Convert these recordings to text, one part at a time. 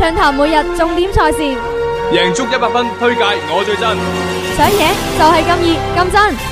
暢談每日重點賽事，贏足一百分，推介我最真，想贏就係咁熱咁真。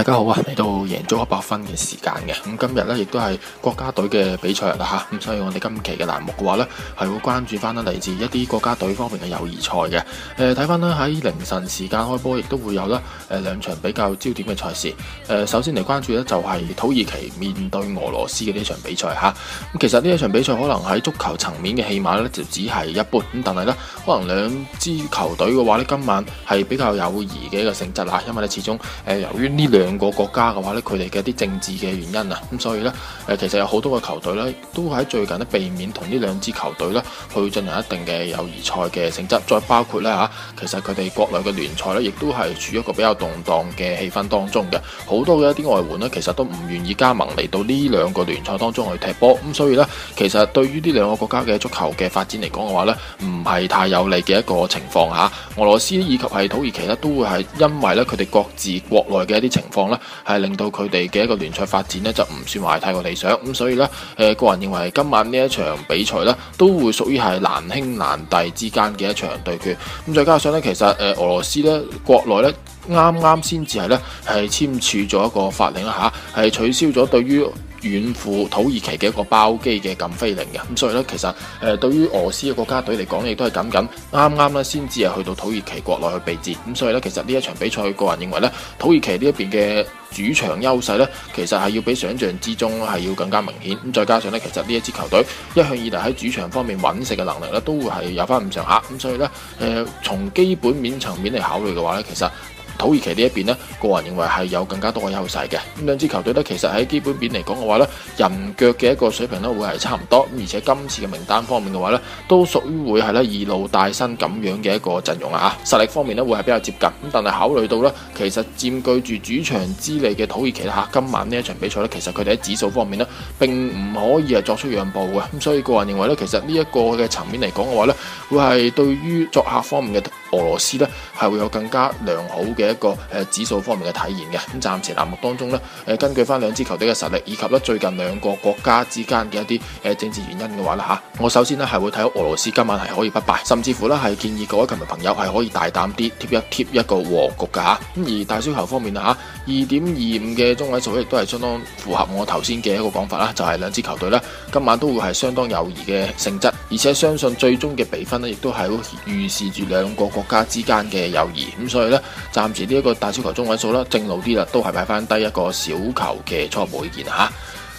大家好啊！嚟到贏足一百分嘅時間嘅，咁今日咧，亦都係國家隊嘅比賽日啦吓，咁所以我哋今期嘅欄目嘅話咧，係會關注翻啦嚟自一啲國家隊方面嘅友誼賽嘅。誒，睇翻咧喺凌晨時間開波，亦都會有咧誒兩場比較焦點嘅賽事。誒，首先嚟關注咧就係土耳其面對俄羅斯嘅呢場比賽吓。咁其實呢一場比賽可能喺足球層面嘅戲碼咧就只係一般，咁但係咧可能兩支球隊嘅話咧今晚係比較友誼嘅一個性質啦，因為咧始終誒由於呢兩。兩個國家嘅話咧，佢哋嘅一啲政治嘅原因啊，咁所以咧，誒，其實有好多嘅球隊咧，都喺最近咧避免同呢兩支球隊咧去進行一定嘅友誼賽嘅性質，再包括咧吓，其實佢哋國內嘅聯賽咧，亦都係處於一個比較動盪嘅氣氛當中嘅，好多嘅一啲外援咧，其實都唔願意加盟嚟到呢兩個聯賽當中去踢波，咁所以咧，其實對於呢兩個國家嘅足球嘅發展嚟講嘅話咧，唔係太有利嘅一個情況吓，俄羅斯以及係土耳其咧，都會係因為咧佢哋各自國內嘅一啲情況。係令到佢哋嘅一個聯賽發展咧就唔算話太過理想，咁所以咧，誒個人認為今晚呢一場比賽咧都會屬於係難兄難弟之間嘅一場對決，咁再加上咧，其實誒俄羅斯咧國內咧。啱啱先至係咧，係簽署咗一個法令啦嚇，係、啊、取消咗對於遠赴土耳其嘅一個包機嘅禁飛令嘅。咁、啊、所以咧，其實誒、呃、對於俄羅斯嘅國家隊嚟講，亦都係僅僅啱啱咧，先至係去到土耳其國內去備戰。咁、啊、所以咧，其實呢一場比賽，個人認為咧，土耳其呢一邊嘅主場優勢咧，其實係要比想象之中係要更加明顯。咁、啊、再加上咧，其實呢一支球隊一向以嚟喺主場方面揾食嘅能力咧，都會係有返咁上下。咁、啊、所以咧，誒、呃、從基本面層面嚟考慮嘅話咧，其實～土耳其呢一邊咧，個人認為係有更加多嘅優勢嘅。咁兩支球隊咧，其實喺基本面嚟講嘅話咧，人腳嘅一個水平咧，會係差唔多。咁而且今次嘅名單方面嘅話咧，都屬於會係咧，二路帶新咁樣嘅一個陣容啊嚇。實力方面咧，會係比較接近。咁但係考慮到咧，其實佔據住主場之利嘅土耳其嚇，今晚呢一場比賽咧，其實佢哋喺指數方面咧，並唔可以係作出讓步嘅。咁所以個人認為咧，其實呢一個嘅層面嚟講嘅話咧，會係對於作客方面嘅俄羅斯咧，係會有更加良好嘅。一個誒指數方面嘅體現嘅，咁暫時欄目當中咧，誒根據翻兩支球隊嘅實力，以及咧最近兩個國家之間嘅一啲誒政治原因嘅話啦吓，我首先咧係會睇到俄羅斯今晚係可以不敗，甚至乎咧係建議各位球迷朋友係可以大膽啲貼一貼一,一個和局噶吓，咁而大小球方面啊吓，二點二五嘅中位數亦都係相當符合我頭先嘅一個講法啦，就係、是、兩支球隊咧今晚都會係相當友誼嘅性質。而且相信最終嘅比分呢，亦都係好預示住兩個國家之間嘅友誼。咁所以呢，暫時呢一個大小球中位數咧，正路啲啦，都係擺翻低一個小球嘅初步意見嚇。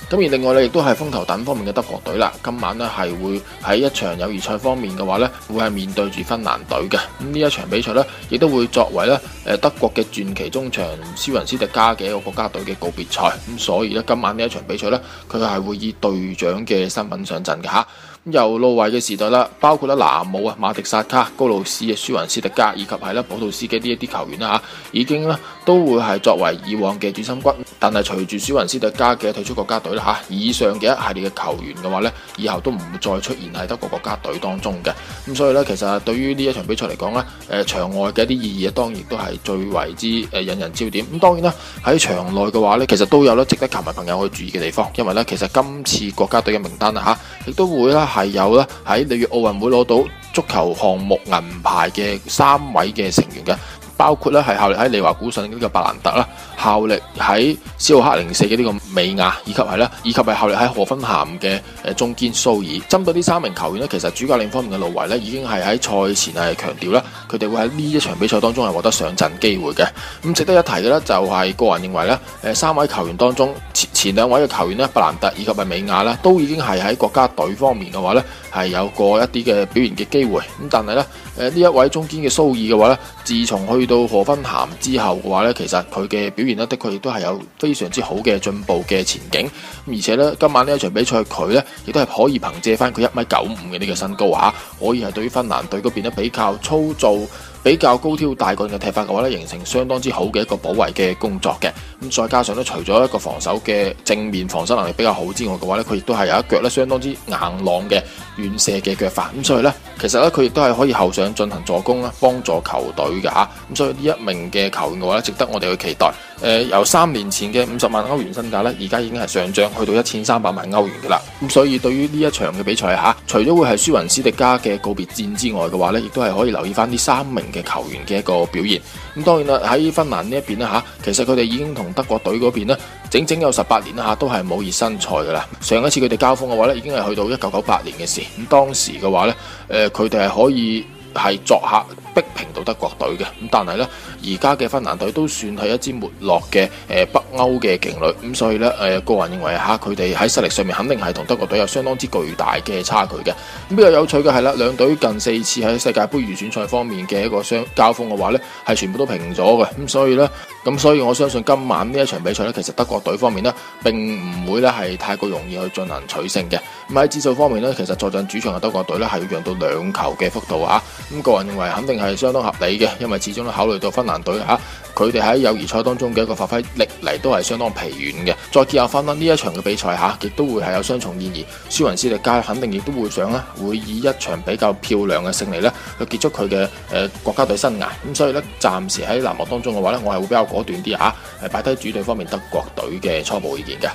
咁而另外呢，亦都係風球等方面嘅德國隊啦。今晚呢，係會喺一場友誼賽方面嘅話呢，會係面對住芬蘭隊嘅。咁呢一場比賽呢，亦都會作為呢誒德國嘅傳奇中場斯文斯特加嘅一個國家隊嘅告別賽。咁所以呢，今晚呢一場比賽呢，佢係會以隊長嘅身份上陣嘅嚇。又路位嘅時代啦，包括啦南姆啊、馬迪薩卡、高路斯、舒雲斯特加以及係啦普魯斯基呢一啲球員啦，嚇已經咧都會係作為以往嘅主心骨。但係隨住舒雲斯特加嘅退出國家隊啦，嚇以上嘅一系列嘅球員嘅話咧，以後都唔會再出現喺德國國家隊當中嘅。咁所以咧，其實對於呢一場比賽嚟講咧，誒場外嘅一啲意義當然都係最為之誒引人焦點。咁當然啦，喺場內嘅話咧，其實都有啦值得球迷朋友去注意嘅地方，因為咧其實今次國家隊嘅名單啦嚇，亦都會啦。係有咧喺里約奧運會攞到足球項目銀牌嘅三位嘅成員嘅，包括咧係效力喺利華古遜嘅呢個伯蘭特啦，效力喺斯洛克零四嘅呢個美雅，以及係咧，以及係效力喺何芬咸嘅。中堅蘇爾，針對呢三名球員呢其實主教練方面嘅路維呢已經係喺賽前係強調啦，佢哋會喺呢一場比賽當中係獲得上陣機會嘅。咁值得一提嘅呢，就係個人認為咧，三位球員當中前前兩位嘅球員呢布蘭特以及美亞呢，都已經係喺國家隊方面嘅話呢係有過一啲嘅表現嘅機會。咁但係呢，呢一位中堅嘅蘇爾嘅話呢自從去到賀芬咸之後嘅話呢其實佢嘅表現呢，的確亦都係有非常之好嘅進步嘅前景。而且呢，今晚呢一場比賽佢呢。亦都係可以憑借翻佢一米九五嘅呢個身高嚇，可以係對於芬蘭隊嗰邊咧比較粗糙，比較高挑大個嘅踢法嘅話咧，形成相當之好嘅一個保衛嘅工作嘅。咁再加上咧，除咗一個防守嘅正面防守能力比較好之外嘅話咧，佢亦都係有一腳咧相當之硬朗嘅遠射嘅腳法。咁所以咧，其實咧佢亦都係可以後上進行助攻啦，幫助球隊嘅嚇。咁所以呢一名嘅球員嘅話咧，值得我哋去期待。誒、呃，由三年前嘅五十萬歐元身價咧，而家已經係上漲去到一千三百萬歐元嘅啦。咁所以對於呢一場嘅比賽吓，除咗會係舒文斯迪加嘅告別戰之外嘅話咧，亦都係可以留意翻呢三名嘅球員嘅一個表現，咁當然啦，喺芬蘭呢一邊咧吓，其實佢哋已經同德國隊嗰邊咧，整整有十八年啦吓，都係冇熱身賽噶啦。上一次佢哋交鋒嘅話咧，已經係去到一九九八年嘅事。咁當時嘅話咧，誒佢哋係可以係作客逼平到德國隊嘅。咁但係咧，而家嘅芬蘭隊都算係一支沒落嘅誒。北、呃。歐嘅勁旅，咁所以咧，誒、呃、個人認為嚇，佢哋喺實力上面肯定係同德國隊有相當之巨大嘅差距嘅。咁比較有趣嘅係啦，兩隊近四次喺世界盃預選賽方面嘅一個相交鋒嘅話咧，係全部都平咗嘅。咁所以咧，咁所以我相信今晚呢一場比賽咧，其實德國隊方面呢並唔會咧係太過容易去進行取勝嘅。咁喺指數方面咧，其實坐鎮主場嘅德國隊咧係要讓到兩球嘅幅度啊。咁個人認為肯定係相當合理嘅，因為始終都考慮到芬蘭隊嚇。佢哋喺友誼賽當中嘅一個發揮歷嚟都係相當疲軟嘅，再結合翻呢呢一場嘅比賽吓，亦都會係有雙重意義。舒雲斯力加肯定亦都會想咧，會以一場比較漂亮嘅勝利咧去結束佢嘅誒國家隊生涯。咁所以咧，暫時喺欄目當中嘅話咧，我係會比較果斷啲吓，係擺低主隊方面德國隊嘅初步意見嘅。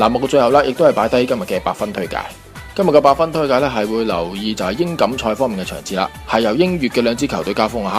欄目嘅最後咧，亦都係擺低今日嘅八分推介。今日嘅八分推介呢，係會留意就係英錦賽方面嘅場次啦，係由英乙嘅兩支球隊交鋒下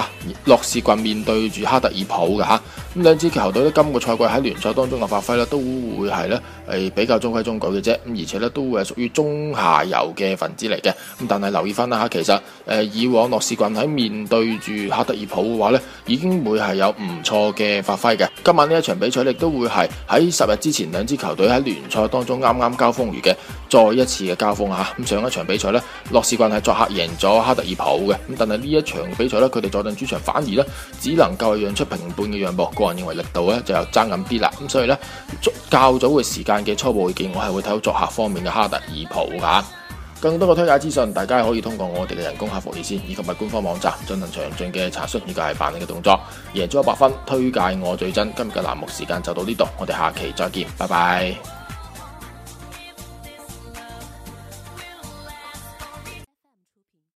吓，諾士郡面對住哈特爾普㗎。吓，咁兩支球隊呢今個賽季喺聯賽當中嘅發揮呢都會係呢係比較中規中矩嘅啫，咁而且呢都係屬於中下游嘅分子嚟嘅。咁但係留意翻啦吓，其實誒以往諾士郡喺面對住哈特爾普嘅話呢，已經會係有唔錯嘅發揮嘅，今晚呢一場比賽亦都會係喺十日之前兩支球隊喺聯賽當中啱啱交鋒完嘅。再一次嘅交鋒吓，咁上一場比賽呢，諾士郡係作客贏咗哈特爾普嘅，咁但係呢一場比賽呢，佢哋坐定主場反而呢，只能夠係讓出平半嘅讓步，個人認為力度呢，就又爭咁啲啦，咁所以呢，較早嘅時間嘅初步意見，我係會睇好作客方面嘅哈特爾普噶。更多嘅推介資訊，大家可以通過我哋嘅人工客服熱線以及埋官方網站進行詳盡嘅查詢，以及係辦理嘅動作。贏足 100FUN，推介我最真。今日嘅欄目時間就到呢度，我哋下期再見，拜拜。